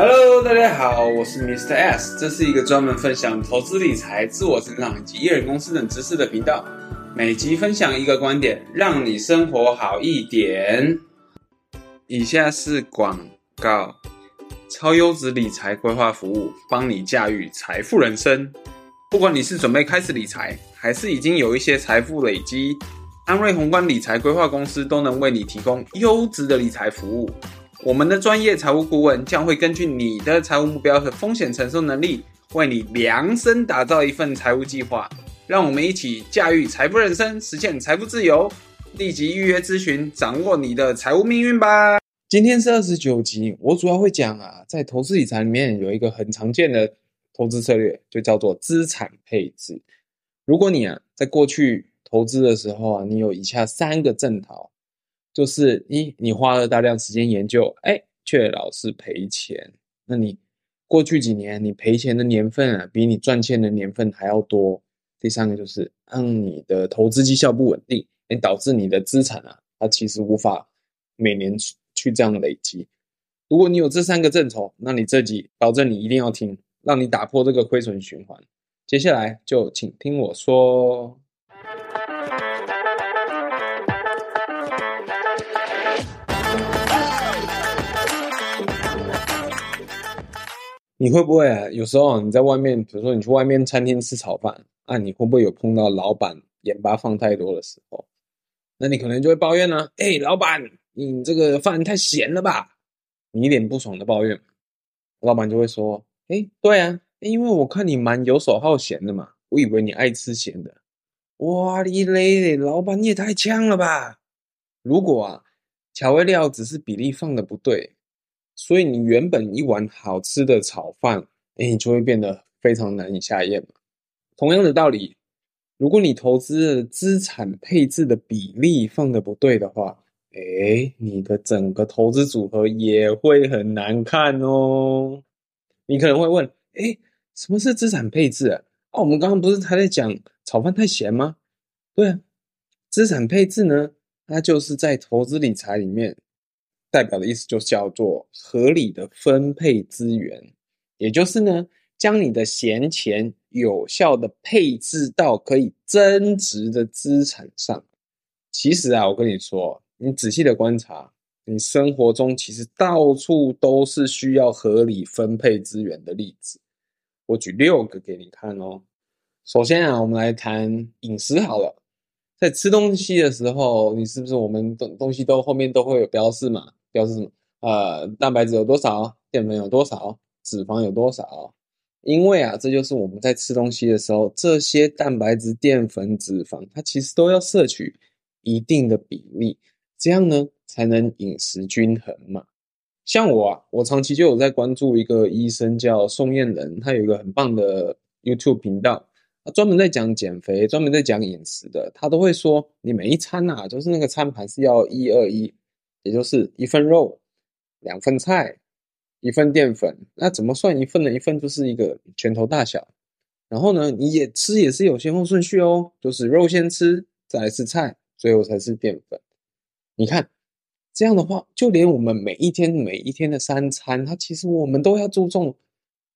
Hello，大家好，我是 Mr. S，這是一個專門分享投資理財、自我成長以及一人公司等知識的頻道。每集分享一個觀點，讓你生活好一點。以下是廣告：超優質理財規劃服務，幫你駕馭財富人生。不管你是準備開始理財，還是已經有一些財富累積，安睿宏觀理財規劃公司都能為你提供優質的理財服務。我們的專業財務顧問將會根據你的財務目標和風險承受能力，為你量身打造一份財務計劃。讓我們一起駕馭財富人生，實現財富自由。立即預約諮詢，掌握你的財務命運吧！今天是二十九集，我主要會講啊，在投資理財裡面有一個很常見的投資策略，就叫做資產配置。如果你啊，在過去投資的時候啊，你有以下三個症頭，就是一，你花了大量時間研究，哎，卻老是賠錢。那你過去幾年，你賠錢的年份啊，比你賺錢的年份還要多。第三個就是讓你的投資績效不穩定誒，導致你的資產啊，它其實無法每年去這樣累積。如果你有這三個症頭，那你自己保證你一定要聽，讓你打破這個虧損循環。接下來就請聽我說。你會不會、啊、有時候你在外面，比如說你去外面餐廳吃炒飯啊，你會不會有碰到老闆鹽巴放太多的時候？那你可能就會抱怨呢、啊，哎、欸，老闆，你這個飯太鹹了吧？你一臉不爽的抱怨，老闆就會說，哎、欸，對啊、欸，因為我看你蠻游手好閒的嘛，我以為你愛吃鹹的，哇哩嘞嘞，老闆你也太嗆了吧？如果啊，調味料只是比例放的不對。所以你原本一碗好吃的炒飯，誒、欸、你就會變得非常難以下嚥。同樣的道理，如果你投資的資產配置的比例放得不對的話，誒、欸、你的整個投資組合也會很難看哦。你可能會問，誒、欸、什麼是資產配置啊？哦，我們剛剛不是還在講炒飯太鹹嗎？對啊，資產配置呢，它就是在投資理財裡面，代表的意思就叫做合理的分配資源，也就是呢，將你的閒錢有效的配置到可以增值的資產上。其實啊，我跟你說，你仔細的觀察，你生活中其實到處都是需要合理分配資源的例子。我舉六個給你看哦。首先啊，我們來談飲食好了，在吃東西的時候，你是不是我們東東西都後面都會有標示嘛？表是什麼？呃，蛋白質有多少？澱粉有多少？脂肪有多少？因為啊，這就是我們在吃東西的時候，這些蛋白質、澱粉、脂肪，它其實都要攝取一定的比例，這樣呢才能飲食均衡嘛。像我、啊，我長期就有在關注一個醫生叫宋晏仁，他有一個很棒的 YouTube 頻道，他專門在講減肥，專門在講飲食的，他都會說，你每一餐吶、啊，就是那個餐盤是要一二一。也就是一份肉，兩份菜，一份澱粉。那怎麼算一份呢？一份就是一個拳頭大小。然後呢，你也吃也是有先後順序哦，就是肉先吃，再來吃菜，最後才是澱粉。你看，這樣的話，就連我們每一天每一天的三餐，它其實我們都要注重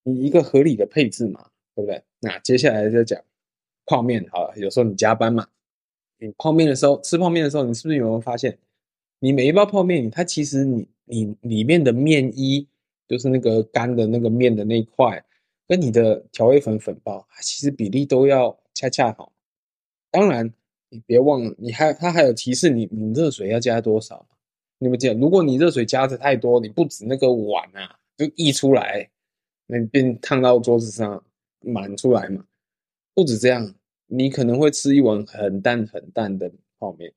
你一個合理的配置嘛，對不對？那接下來再講泡麵好了，有時候你加班嘛，你泡麵的時候吃泡麵的時候，你是不是有沒有發現？你每一包泡麵，它其實你你，你裡面的麵衣，就是那個乾的那個麵的那一塊，跟你的調味粉粉包，它其實比例都要恰恰好。當然，你別忘了，你還它還有提示你，你你熱水要加多少。你們這樣，如果你熱水加的太多，你不止那個碗啊，就溢出來，那變燙到桌子上滿出來嘛。不止這樣，你可能會吃一碗很淡很淡的泡麵。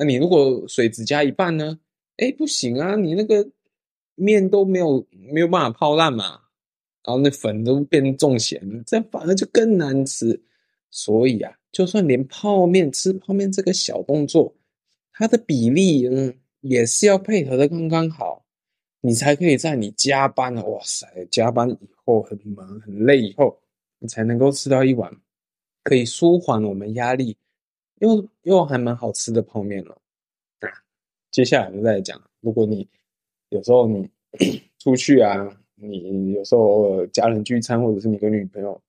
那你如果水只加一半呢？哎，不行啊！你那個麵都沒有沒有辦法泡爛嘛，然後那粉都變重鹹了，這樣反而就更難吃。所以啊，就算連泡麵吃泡麵這個小動作，它的比例嗯也是要配合的剛剛好，你才可以在你加班哇塞，加班以後很忙很累以後，你才能夠吃到一碗可以舒緩我們壓力。因為因為還蠻好吃的泡麵了、喔，那、啊、接下來就再講，如果你有時候你出去啊，你有時候偶爾家人聚餐，或者是你跟女朋友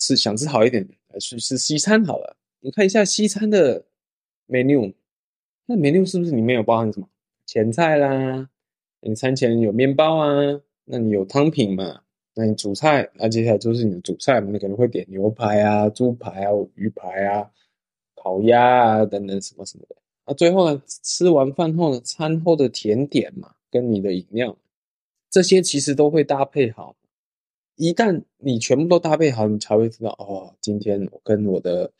吃想吃好一點，去吃，吃西餐好了。你看一下西餐的 menu，那 menu 是不是裡面有包含什麼前菜啦？你餐前有麵包啊，那你有湯品嘛？那你主菜，那接下來就是你的主菜嘛？你可能會點牛排啊、豬排啊、魚排啊。烤鴨啊，等等什麼什麼的，啊，最後呢，吃完飯後呢，餐後的甜點嘛，跟你的飲料，這些其實都會搭配好。一旦你全部都搭配好，你才會知道哦。今天我跟我的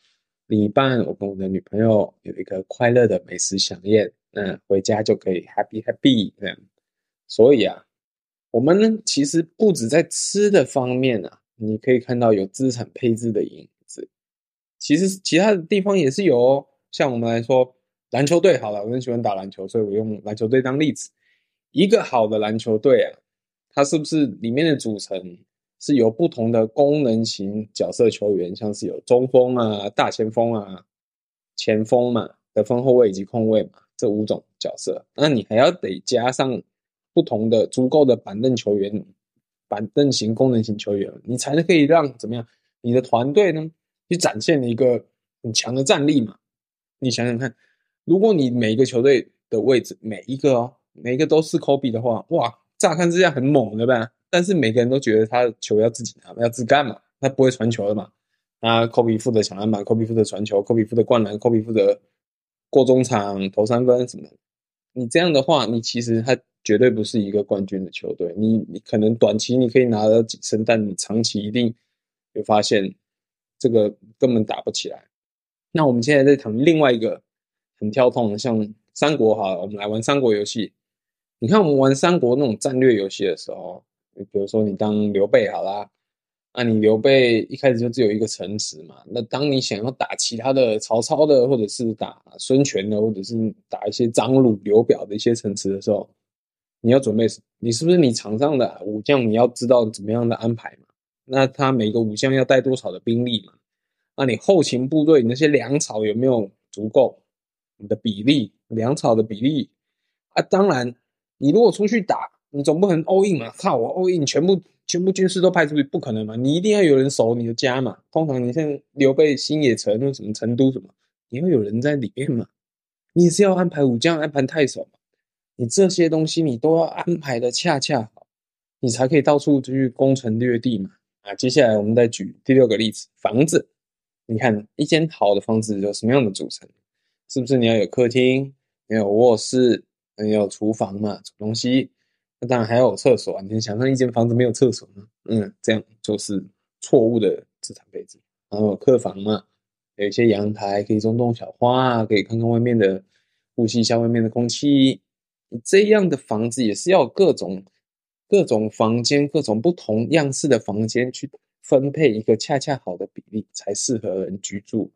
另一半，我跟我的女朋友有一個快樂的美食饗宴，那回家就可以 happy happy 這樣。所以啊，我們呢其實不止在吃的方面啊，你可以看到有資產配置的影。其實其他的地方也是有哦，像我們來說，籃球隊好了，我很喜歡打籃球，所以我用籃球隊當例子。一個好的籃球隊啊，它是不是裡面的組成是由不同的功能型角色球員，像是有中鋒啊、大前鋒啊、前鋒嘛、得分後衛以及控衛嘛這五種角色？那你還要得加上不同的足夠的板凳球員、板凳型功能型球員，你才能可以讓怎麼樣你的團隊呢？去展現了一個很強的戰力嘛？你想想看，如果你每一個球隊的位置，每一個、哦，每一個都是科比的話，哇，乍看之下很猛，對吧？但是每個人都覺得他球要自己拿，要自己幹嘛，他不會傳球的嘛。那科比負責搶籃板，科比負責傳球，科比負責灌籃，科比負責過中場投三分什麼？你這樣的話，你其實他絕對不是一個冠軍的球隊。你你可能短期你可以拿到幾勝，但你長期一定有發現。這個根本打不起來。那我們現在在談另外一個很跳痛的，像三國哈，我們來玩三國遊戲。你看我們玩三國那種戰略遊戲的時候，你比如說你當劉備好啦，那、啊、你劉備一開始就只有一個城池嘛。那當你想要打其他的曹操的，或者是打孫權的，或者是打一些張魯、劉表的一些城池的時候，你要準備，你是不是你場上的武將你要知道怎麼樣的安排嘛？那他每個武將要帶多少的兵力嘛？那你後勤部隊那些糧草有沒有足夠？你的比例，糧草的比例啊？當然，你如果出去打，你總不可能 all in 嘛？靠，我 all in，全部全部軍事都派出去，不可能嘛？你一定要有人守你的家嘛？通常你像劉備新野城，或什麼成都什麼，你要有人在裡面嘛？你是要安排武將，安排太守嘛？你這些東西你都要安排的恰恰好，你才可以到處去攻城略地嘛？啊，接下來我們再舉第六個例子，房子。你看，一間好的房子有什麼樣的組成？是不是你要有客廳，你要有臥室，你要有廚房嘛，煮東西。那當然還有廁所啊，你能想像一間房子沒有廁所嗎？嗯，這樣就是錯誤的資產配置。然後有客房嘛，有一些陽台可以種種小花啊，可以看看外面的，呼吸一下外面的空氣。這樣的房子也是要各種。各種房間，各種不同樣式的房間去分配一個恰恰好的比例，才適合人居住。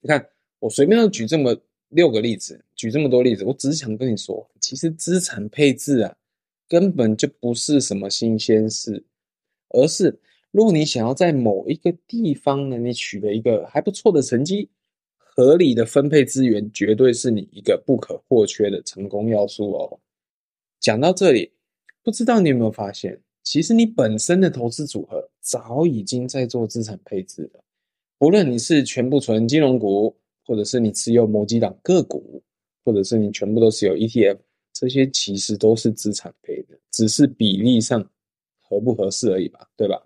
你看，我隨便要舉這麼六個例子，舉這麼多例子，我只是想跟你說，其實資產配置啊，根本就不是什麼新鮮事，而是如果你想要在某一個地方呢，你取得一個還不錯的成績，合理的分配資源，絕對是你一個不可或缺的成功要素哦。講到這裡。不知道你有沒有發現，其實你本身的投資組合早已經在做資產配置了。無論你是全部存金融股，或者是你持有某幾檔個股，或者是你全部都持有 ETF，這些其實都是資產配置。只是比例上合不合適而已吧，對吧？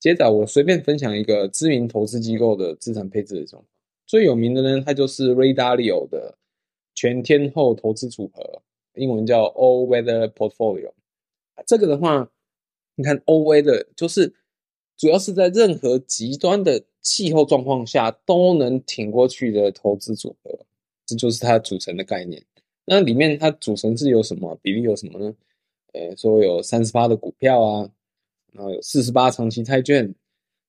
接着我隨便分享一個知名投資機構的資產配置的狀況，最有名的呢，它就是 Ray Dalio 的全天候投資組合，英文叫 All Weather Portfolio。這個的話，你看 OA 的，就是主要是在任何極端的氣候狀況下都能挺過去的投資組合，這就是它組成的概念。那裡面它組成是有什麼，比例有什麼呢？呃，說有三十趴的股票啊，然後有四十趴長期債券，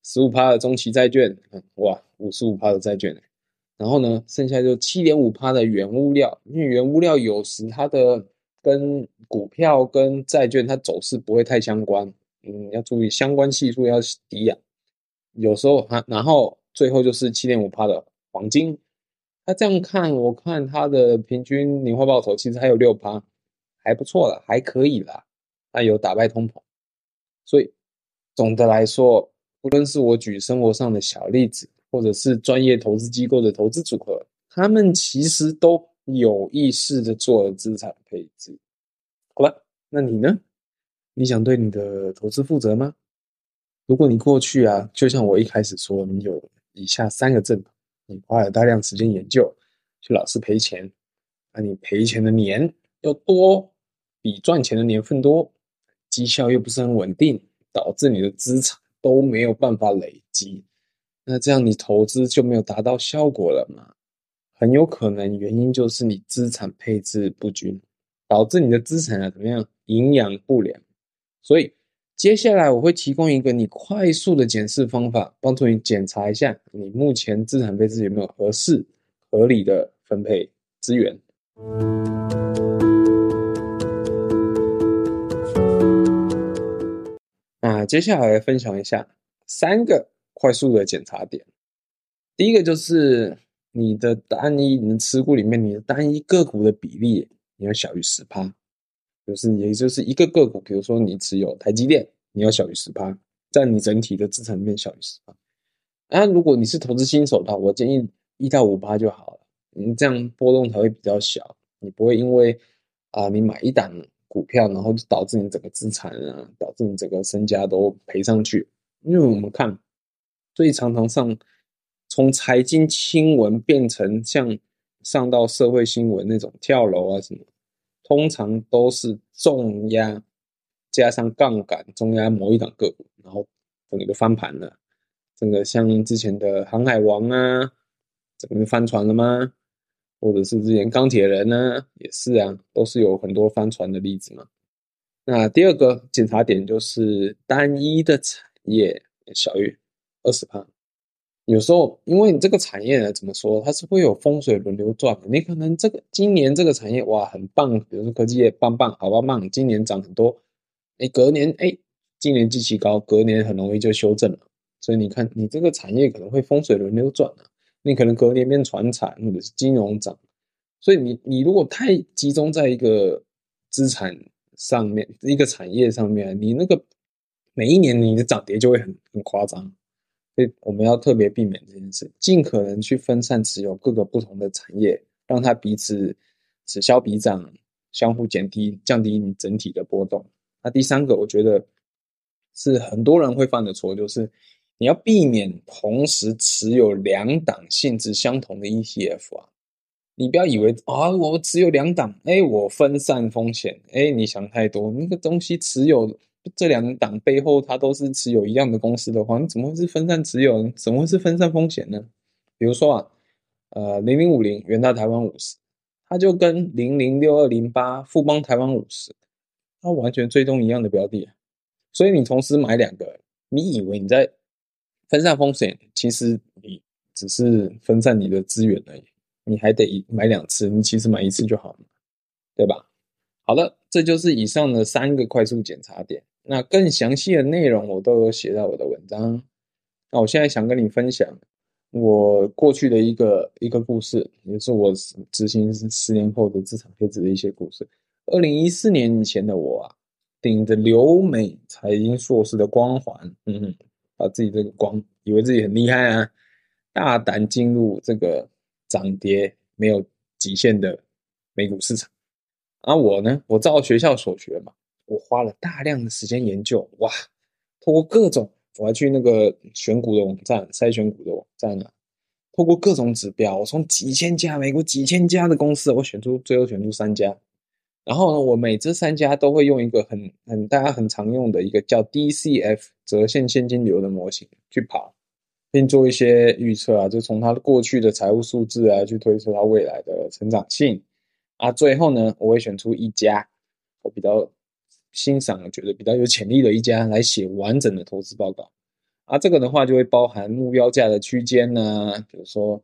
十五趴的中期債券，哇，五十五趴的債券、欸，然後呢，剩下就七點五趴的原物料，因為原物料有時它的。跟股票、跟債券，它走勢不會太相關。嗯，要注意相關係數要低呀，有時候還、啊，然後最後就是七點五趴的黃金。那、啊、這樣看，我看它的平均年化報酬其實還有六趴。還不錯了，還可以啦。那有打敗通膨，所以總的來說，無論是我舉生活上的小例子，或者是專業投資機構的投資組合，他們其實都。有意識的做資產配置，好吧？那你呢？你想對你的投資負責嗎？如果你過去啊，就像我一開始說，你有以下三個症頭，你花了大量時間研究，卻老是賠錢，那你賠錢的年又多，比賺錢的年份多，績效又不是很穩定，導致你的資產都沒有辦法累積，那這樣你投資就沒有達到效果了嘛？很有可能原因就是你資產配置不均，導致你的資產啊怎麼樣，營養不良，所以接下來我會提供一個你快速的檢視方法，幫助你檢查一下你目前資產配置有沒有合適合理的分配資源。嗯。那接下來，我來分享一下三個快速的檢查點，第一個就是。你的單一你的持股裡面，你的單一個股的比例你要小於十趴，就是也就是一個個股，比如說你持有台積電，你要小於十趴，在你整體的資產裡面小於十趴。啊，如果你是投資新手的話，我建議一到五趴就好了，你這樣波動才會比較小，你不會因為啊、呃、你買一檔股票，然後導致你整個資產啊，導致你整個身家都賠上去。因為我們看最常常上。從財經新聞變成像上到社會新聞那種跳樓啊什麼，通常都是重壓加上槓桿，重壓某一檔個股，然後整個就翻盤了。整個像之前的航海王啊，整個翻船了嗎？或者是之前鋼鐵人呢？啊，也是啊，都是有很多翻船的例子嘛。那第二個檢查點就是單一的產業小於二十番。有時候，因為你這個產業怎麼說，它是會有風水輪流轉的。你可能這個今年這個產業哇很棒，比如說科技業棒棒好棒棒，今年漲很多。誒隔年哎，今年基期高，隔年很容易就修正了。所以你看，你這個產業可能會風水輪流轉的。你可能隔年變傳產或者是金融漲。所以你你如果太集中在一個資產上面，一個產業上面，你那個每一年你的漲跌就會很很誇張。所以我們要特別避免這件事，儘可能去分散持有各個不同的產業，讓它彼此此消彼長，相互減低，降低你整體的波動。那第三個，我覺得是很多人會犯的錯，就是你要避免同時持有兩檔性質相同的 ETF 啊！你不要以為啊、哦，我持有兩檔，哎，我分散風險，哎，你想太多，那個東西持有。這兩檔背後，它都是持有一樣的公司的話，你怎麼會是分散持有呢？怎麼會是分散風險呢？比如說啊，呃，零零五零元大台灣五十，它就跟零零六二零八富邦台灣五十，它完全追蹤一樣的標的，所以你同時買兩個，你以為你在分散風險，其實你只是分散你的資源而已。你還得買兩次，你其實買一次就好了，對吧？好了。這就是以上的三個快速檢查點。那更詳細的內容，我都有寫到我的文章。那我現在想跟你分享我過去的一個一個故事，也是我執行十年後的資產配置的一些故事。二零一四年以前的我啊，頂着留美財經碩士的光環，嗯哼，把自己這個光，以為自己很厲害啊，大膽進入這個漲跌沒有極限的美股市場。啊，我呢，我照學校所學嘛，我花了大量的時間研究哇，通過各種，我還去那個選股的網站、篩選股的網站呢，啊，通過各種指標，我從幾千家美國幾千家的公司，我選出最後選出三家，然後呢，我每這三家都會用一個很很大家很常用的一個叫 DCF 折現現金流的模型去跑，並做一些預測啊，就從它的過去的財務數字啊，去推測它未來的成長性。啊，最後呢，我會選出一家我比較欣賞、覺得比較有潛力的一家來寫完整的投資報告。啊，這個的話就會包含目標價的區間呢，比如說，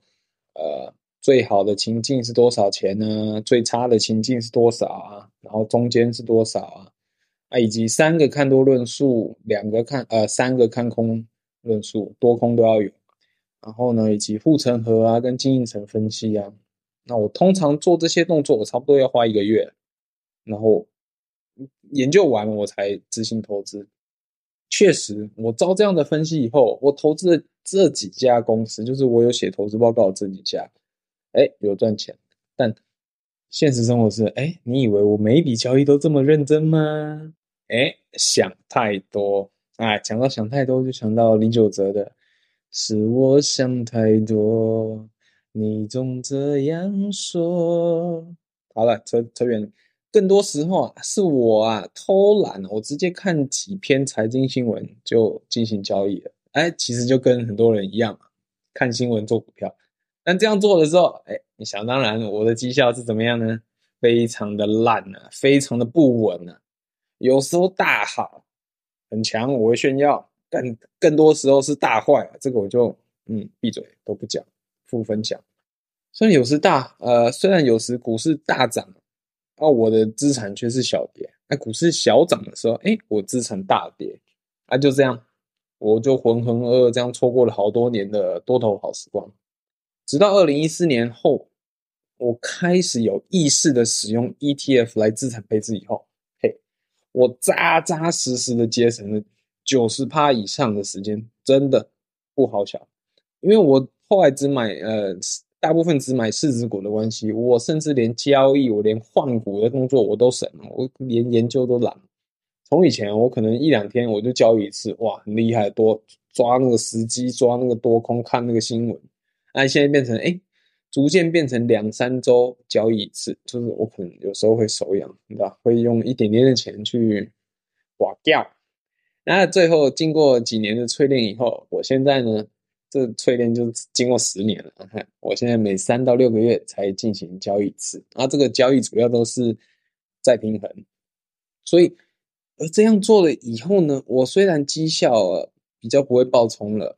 呃，最好的情境是多少錢呢、啊，最差的情境是多少啊？然後中間是多少啊？啊，以及三個看多論述，兩個看呃，三個看空論述，多空都要有。然後呢，以及護城河啊，跟經營層分析啊。那我通常做這些動作，我差不多要花一個月，然後研究完了我才執行投資。確實，我照這樣的分析以後，我投資的這幾家公司，就是我有寫投資報告這幾家，誒、欸、有賺錢。但現實生活是，誒、欸、你以為我每一筆交易都這麼認真嗎？誒、欸、想太多啊！想到想太多，就想到李玖哲的“是我想太多”。你總這樣說。好了，扯扯遠。更多時候啊，是我啊偷懶，我直接看幾篇財經新聞就進行交易了。哎、欸，其實就跟很多人一樣、啊，看新聞做股票。但這樣做的時候，哎、欸，你想當然，我的績效是怎麼樣呢？非常的爛啊，非常的不穩啊。有時候大好，很強，我會炫耀。但更多時候是大壞啊，這個我就嗯閉嘴都不講。負分享，雖然有時大，呃，雖然有時股市大漲，啊，我的資產卻是小跌；哎、啊，股市小漲的時候，哎、欸，我資產大跌。啊，就這樣，我就渾渾噩噩這樣錯過了好多年的多頭好時光。直到二零一四年後，我開始有意識的使用 ETF 來資產配置以後，嘿，我扎扎實實的節省了九十趴以上的時間，真的不好想，因為我。後來只買呃，大部分只買四隻股的關係，我甚至連交易，我連換股的工作，我都省了，我連研究都懶。從以前我可能一兩天我就交易一次，哇，很厲害，多抓那個時機，抓那個多空，看那個新聞。那、啊、現在變成誒、欸、逐漸變成兩三週交易一次，就是我可能有時候會手癢，對吧？會用一點點的錢去刮掉。那最後經過幾年的淬煉以後，我現在呢？這淬煉就是經過十年了，我現在每三到六個月才進行交易一次，而這個交易主要都是再平衡，所以而這樣做了以後呢，我雖然績效啊，比較不會暴衝了，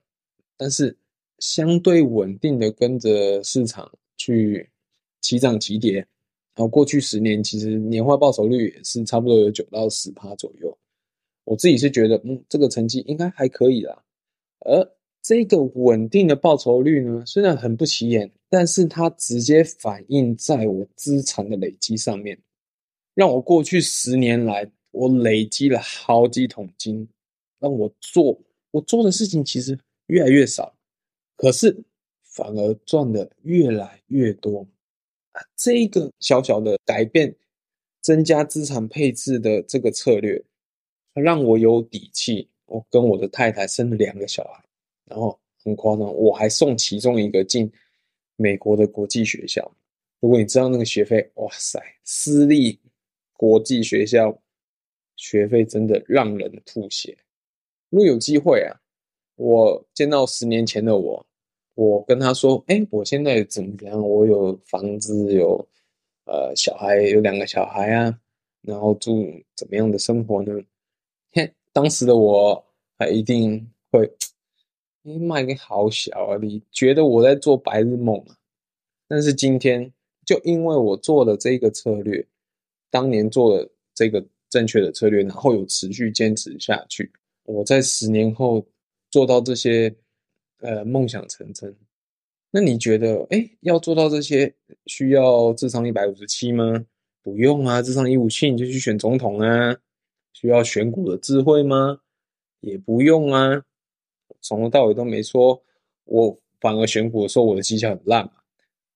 但是相對穩定的跟着市場去齊漲齊跌，然後過去十年其實年化報酬率也是差不多有九到十趴左右，我自己是覺得嗯這個成績應該還可以啦，而。這個穩定的報酬率呢，雖然很不起眼，但是它直接反映在我資產的累積上面，讓我過去十年來，我累積了好幾桶金，讓我做，我做的事情其實越來越少，可是反而賺的越來越多。啊，這個小小的改變，增加資產配置的這個策略，讓我有底氣，我跟我的太太生了兩個小孩。然後很誇張，我還送其中一個進美國的國際學校。如果你知道那個學費，哇塞，私立國際學校學費真的讓人吐血。如果有機會啊，我見到十年前的我，我跟他說：“哎，我現在怎麼樣？我有房子，有呃小孩，有兩個小孩啊，然後住怎麼樣的生活呢？”嘿，當時的我，還一定會。賣個好小啊！你覺得我在做白日夢啊？但是今天就因為我做了這個策略，當年做了這個正確的策略，然後有持續堅持下去，我在十年後做到這些，呃，夢想成真。那你覺得，誒要做到這些需要智商一百五十七嗎？不用啊，智商一五七你就去選總統啊。需要選股的智慧嗎？也不用啊。從頭到尾都沒說，我反而選股說我的績效很爛嘛，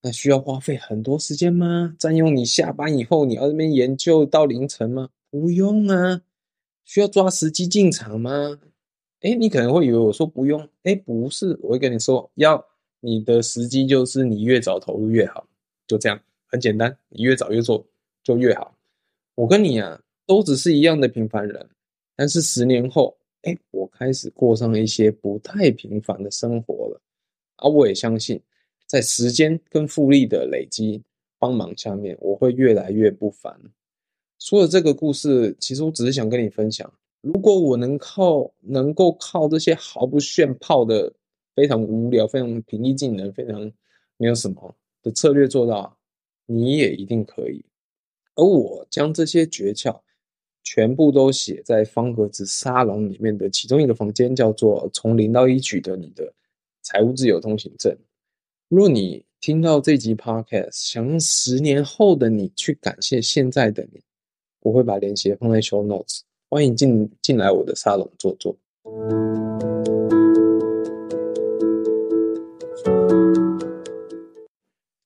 那需要花費很多時間嗎？占用你下班以後，你要在那邊研究到凌晨嗎？不用啊，需要抓時機進場嗎？哎，你可能會以為我說不用，哎，不是，我會跟你說，要你的時機就是你越早投入越好，就這樣，很簡單，你越早越做就越好。我跟你啊，都只是一樣的平凡人，但是十年後。哎，我開始過上一些不太平凡的生活了，而、啊、我也相信，在時間跟複利的累積幫忙下面，我會越來越不凡。說的這個故事，其實我只是想跟你分享，如果我能靠能夠靠這些毫不炫炮的、非常無聊、非常平易近人、非常沒有什麼的策略做到，你也一定可以。而我將這些訣竅。全部都寫在方格子沙龍裡面的其中一個房間，叫做“從零到一，取得你的財務自由通行證。若你聽到這集 Podcast，想用十年後的你去感謝現在的你，我會把連結放在 Show Notes。歡迎進進來我的沙龍坐坐。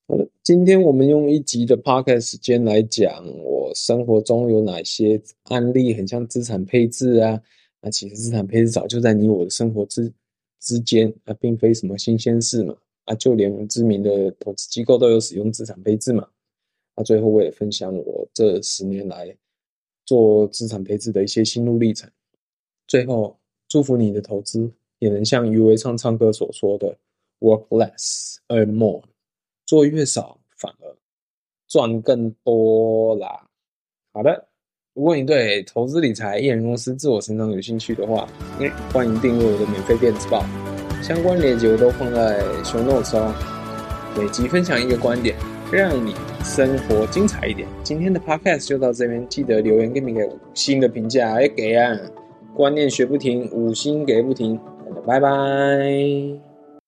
好了，今天我們用一集的 Podcast 時間來講我。生活中有哪些案例很像資產配置啊？那、啊、其實資產配置早就在你我的生活之之間，那、啊、並非什麼新鮮事嘛。啊，就連知名的投資機構都有使用資產配置嘛。那、啊、最後，我也分享我這十年來做資產配置的一些心路歷程。最後，祝福你的投資也能像余維唱唱歌所說的：work less earn more，做越少反而賺更多啦。好的，如果你對投資理財、一人公司、自我成長有興趣的話，你、嗯、歡迎訂閱我的免費電子報，相關鏈接我都放在 show notes 上。每集分享一個觀點，讓你生活精彩一點。今天的 podcast 就到這邊，記得留言跟你給五星的評價，哎，給啊！觀念學不停，五星給不停，拜拜。